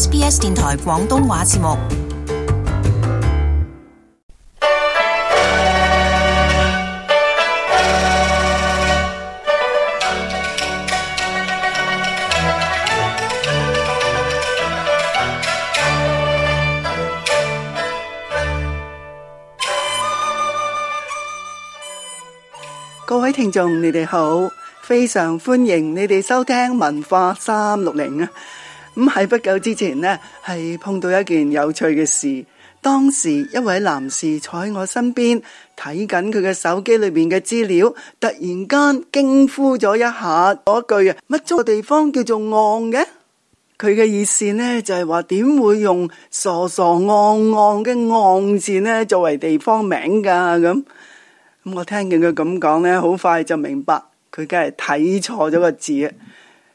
SBS 電台廣東話節目，各位聽眾，你哋好，非常歡迎你哋收聽文化三六零啊！咁喺不久之前呢係碰到一件有趣嘅事。當時一位男士坐喺我身邊，睇緊佢嘅手機裏面嘅資料，突然間驚呼咗一下，嗰句啊乜？咁個地方叫做戇嘅？佢嘅意思呢，就係話點會用傻傻戇戇嘅戇字呢作為地方名㗎？咁咁我聽見佢咁講呢，好快就明白佢梗係睇錯咗個字。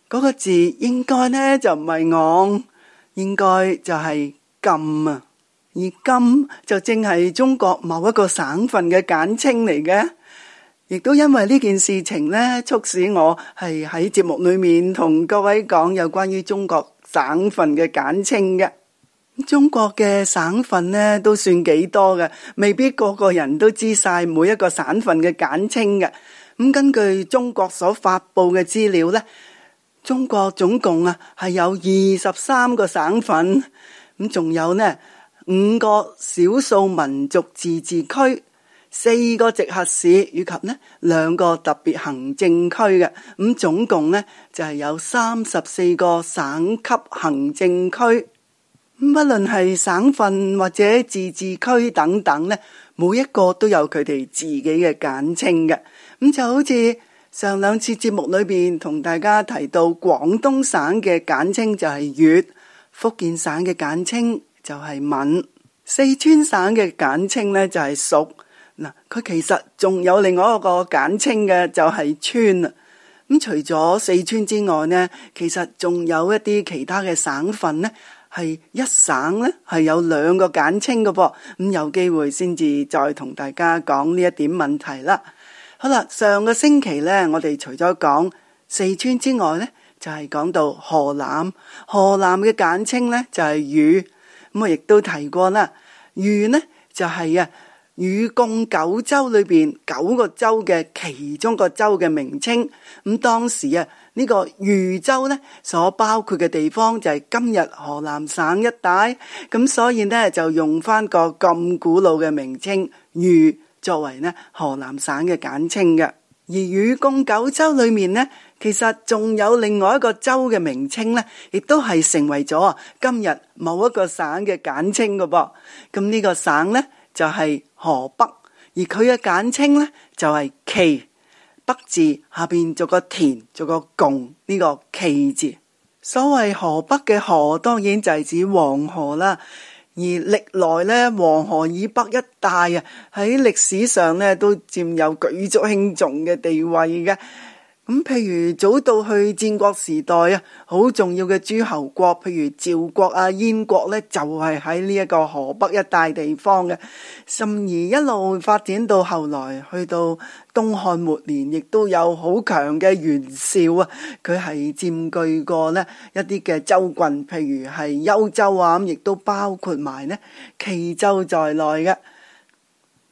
嗰個字應該呢就唔係昂，應該就係金啊！而金就正係中國某一個省份嘅簡稱嚟嘅，亦都因為呢件事情呢，促使我係喺節目裏面同各位講有關於中國省份嘅簡稱嘅。中國嘅省份呢都算幾多嘅，未必個個人都知晒每一個省份嘅簡稱嘅。咁根據中國所發佈嘅資料呢。中國總共啊係有二十三個省份，咁仲有呢五個少數民族自治區、四個直轄市以及呢兩個特別行政區嘅，咁總共呢就係有三十四個省級行政區。不論係省份或者自治區等等呢，每一個都有佢哋自己嘅簡稱嘅，咁就好似。上兩次節目裏邊同大家提到，廣東省嘅簡稱就係粵，福建省嘅簡稱就係閩，四川省嘅簡稱呢就係蜀。嗱，佢其實仲有另外一個簡稱嘅就係川啦。咁、嗯、除咗四川之外呢，其實仲有一啲其他嘅省份呢，係一省呢，係有兩個簡稱嘅噃。咁、嗯、有機會先至再同大家講呢一點問題啦。好啦，上個星期咧，我哋除咗講四川之外咧，就係、是、講到河南。河南嘅簡稱咧就係、是、豫，咁、嗯、我亦都提過啦。豫呢，就係啊，禹貢九州裏邊九個州嘅其中一個州嘅名稱。咁、嗯、當時啊，這個、呢個豫州咧所包括嘅地方就係今日河南省一帶。咁、嗯、所以咧就用翻個咁古老嘅名稱豫。作為呢河南省嘅簡稱嘅。而禹貢九州裏面呢，其實仲有另外一個州嘅名稱呢，亦都係成為咗今日某一個省嘅簡稱嘅噃。咁、嗯、呢、這個省呢就係、是、河北，而佢嘅簡稱呢就係冀，北字下邊做個田做個共。呢、這個冀字。所謂河北嘅河，當然就係指黃河啦。而歷來咧，黃河以北一帶啊，喺歷史上咧都佔有舉足輕重嘅地位嘅。咁譬如早到去戰國時代啊，好重要嘅諸侯國，譬如趙國啊、燕國呢，就係喺呢一個河北一帶地方嘅。甚至一路發展到後來，去到東漢末年，亦都有好強嘅袁紹啊，佢係佔據過呢一啲嘅州郡，譬如係幽州啊，咁亦都包括埋呢冀州在內嘅。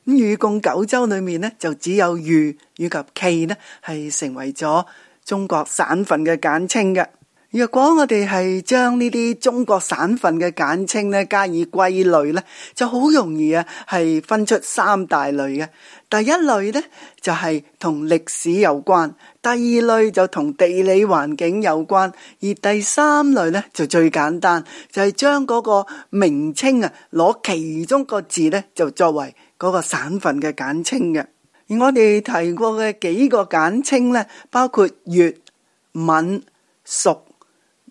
咁與共九州裏面呢，就只有豫以及冀呢，係成為咗中國省份嘅簡稱嘅。若果我哋係將呢啲中國省份嘅簡稱呢，加以歸類呢，就好容易啊，係分出三大類嘅。第一類呢，就係同歷史有關，第二類就同地理環境有關，而第三類呢，就最簡單，就係將嗰個名稱啊，攞其中個字呢，就作為。嗰個省份嘅簡稱嘅，而我哋提過嘅幾個簡稱呢，包括粵、閩、蜀、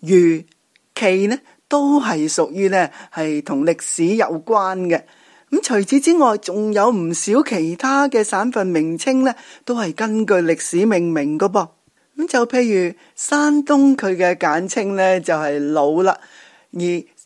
豫、冀呢，都係屬於呢係同歷史有關嘅。咁除此之外，仲有唔少其他嘅省份名稱呢，都係根據歷史命名嘅噃。咁就譬如山東，佢嘅簡稱呢，就係「魯」啦，而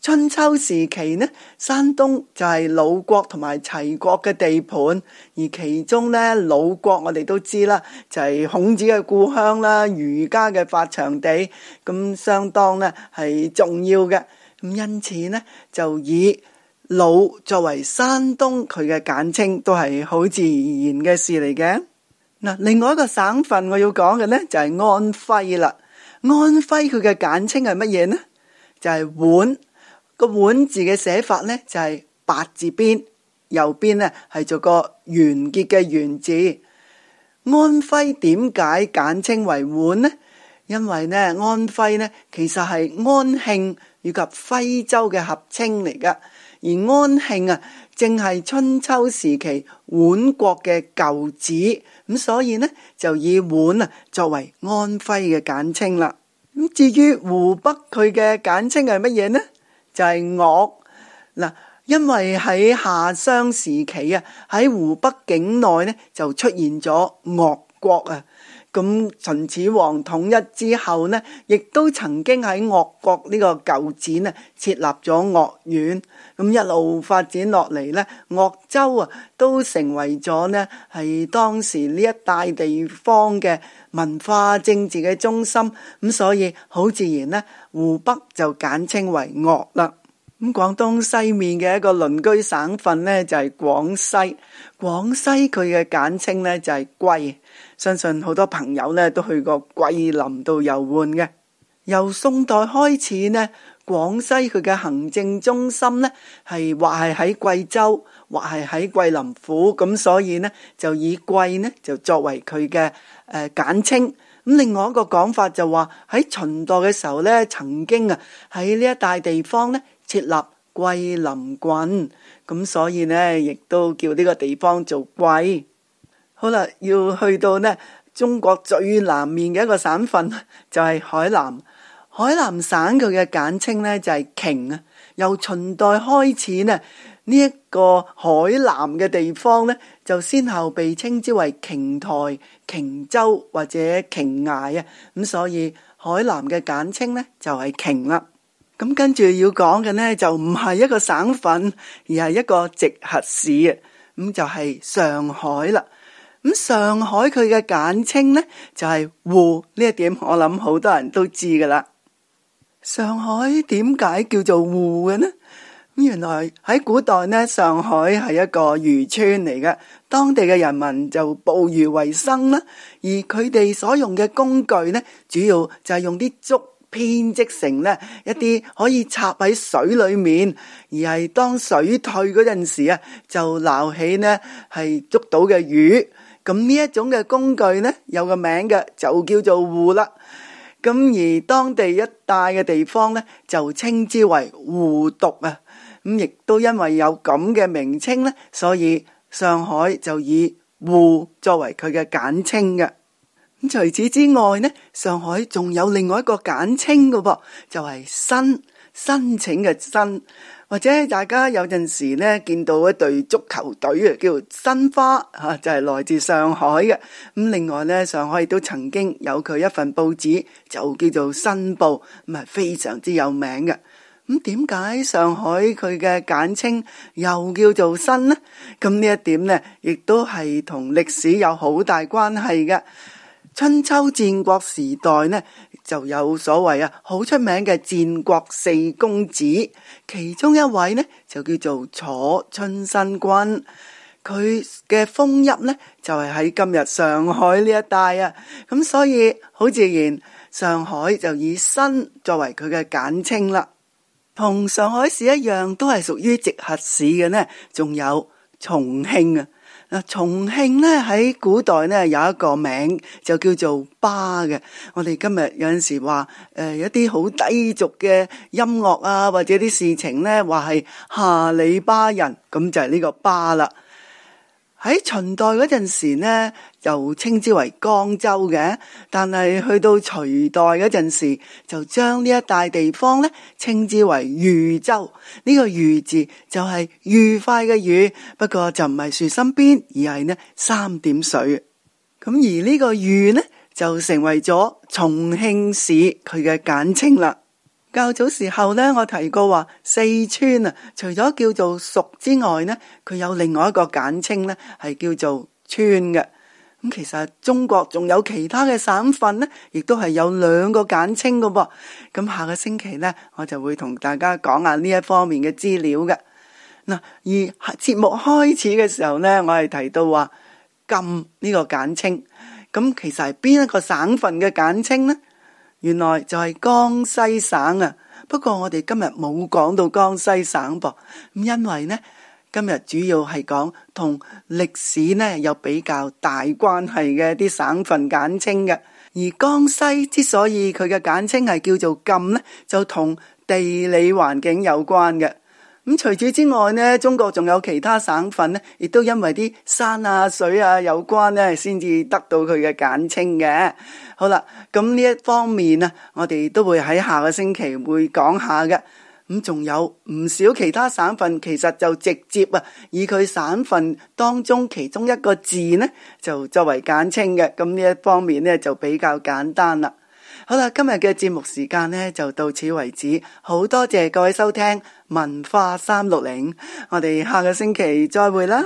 春秋時期呢，山東就係魯國同埋齊國嘅地盤，而其中咧魯國，我哋都知啦，就係孔子嘅故鄉啦，儒家嘅發祥地，咁相當咧係重要嘅。咁因此呢，就以魯作為山東佢嘅簡稱，都係好自然嘅事嚟嘅。嗱，另外一個省份我要講嘅咧就係安徽啦，安徽佢嘅簡稱係乜嘢呢？就係皖。個皖字嘅寫法呢，就係、是、八字邊，右邊呢，係做個完結嘅完字。安徽點解簡稱為皖呢？因為呢，安徽呢其實係安慶以及徽州嘅合稱嚟噶，而安慶啊正係春秋時期皖國嘅舊址，咁所以呢就以皖啊作為安徽嘅簡稱啦。咁至於湖北佢嘅簡稱係乜嘢呢？就係鄂嗱，因為喺夏商時期啊，喺湖北境內呢，就出現咗鄂國啊。咁秦始皇統一之後呢，亦都曾經喺鄂國呢個舊址呢設立咗鄂縣。咁一路發展落嚟呢，鄂州啊都成為咗呢係當時呢一帶地方嘅文化政治嘅中心。咁所以好自然呢，湖北就簡稱為鄂啦。咁廣東西面嘅一個鄰居省份咧就係廣西，廣西佢嘅簡稱咧就係桂，相信好多朋友咧都去過桂林度遊玩嘅。由宋代開始咧，廣西佢嘅行政中心咧係或係喺貴州，或係喺桂林府，咁所以咧就以桂咧就作為佢嘅誒簡稱。咁另外一個講法就話喺秦代嘅時候咧，曾經啊喺呢一帶地方咧。設立桂林郡，咁所以呢，亦都叫呢個地方做桂。好啦，要去到呢中國最南面嘅一個省份，就係、是、海南。海南省佢嘅簡稱呢，就係瓊啊。由秦代開始呢，呢、這、一個海南嘅地方呢，就先後被稱之為瓊台、瓊州或者瓊崖啊。咁所以海南嘅簡稱呢，就係瓊啦。咁跟住要講嘅呢，就唔係一個省份，而係一個直轄市啊！咁、嗯、就係、是、上海啦。咁、嗯、上海佢嘅簡稱呢，就係、是、滬。呢一點我諗好多人都知噶啦。上海點解叫做滬嘅呢、嗯？原來喺古代呢，上海係一個漁村嚟嘅，當地嘅人民就捕魚為生啦。而佢哋所用嘅工具呢，主要就係用啲竹。編織成呢一啲可以插喺水裏面，而係當水退嗰陣時啊，就撈起呢係捉到嘅魚。咁、嗯、呢一種嘅工具呢，有個名嘅就叫做滬啦。咁、嗯、而當地一帶嘅地方呢，就稱之為滬瀆啊。咁、嗯、亦都因為有咁嘅名稱呢，所以上海就以滬作為佢嘅簡稱嘅。除此之外呢，上海仲有另外一個簡稱噶噃，就係申，申請嘅申，或者大家有陣時呢見到一隊足球隊啊，叫做申花吓，就係來自上海嘅。咁另外呢，上海亦都曾經有佢一份報紙，就叫做《申報》，咁係非常之有名嘅。咁點解上海佢嘅簡稱又叫做申呢？咁呢一點呢，亦都係同歷史有好大關係嘅。春秋戰國時代呢，就有所謂啊，好出名嘅戰國四公子，其中一位呢就叫做楚春申君，佢嘅封邑呢就係喺今日上海呢一帶啊，咁所以好自然，上海就以申作為佢嘅簡稱啦。同上海市一樣，都係屬於直轄市嘅呢，仲有重慶啊。重慶咧喺古代咧，有一個名就叫做巴嘅，我哋今日有陣時話誒、呃，一啲好低俗嘅音樂啊，或者啲事情咧話係下里巴人，咁就係呢個巴啦。喺秦代嗰陣時呢，就稱之為江州嘅，但係去到隋代嗰陣時，就將呢一帶地方呢稱之為渝州。呢、這個渝字就係愉快嘅渝，不過就唔係豎心邊，而係呢三點水。咁而呢個渝呢，就成為咗重慶市佢嘅簡稱啦。較早時候咧，我提過話四川啊，除咗叫做蜀之外呢，佢有另外一個簡稱呢，係叫做川嘅。咁其實中國仲有其他嘅省份呢，亦都係有兩個簡稱嘅噃。咁、嗯、下個星期呢，我就會同大家講下呢一方面嘅資料嘅。嗱、嗯，而節目開始嘅時候呢，我係提到話甘呢個簡稱，咁、嗯、其實係邊一個省份嘅簡稱呢？原來就係江西省啊，不過我哋今日冇講到江西省噃，咁因為呢，今日主要係講同歷史呢有比較大關係嘅啲省份簡稱嘅，而江西之所以佢嘅簡稱係叫做贛呢，就同地理環境有關嘅。咁除此之外咧，中國仲有其他省份咧，亦都因為啲山啊、水啊有關咧，先至得到佢嘅簡稱嘅。好啦，咁呢一方面啊，我哋都會喺下個星期會講下嘅。咁仲有唔少其他省份，其實就直接啊，以佢省份當中其中一個字呢，就作為簡稱嘅。咁呢一方面呢，就比較簡單啦。好啦，今日嘅節目時間呢就到此為止，好多謝各位收聽《文化三六零》，我哋下個星期再會啦。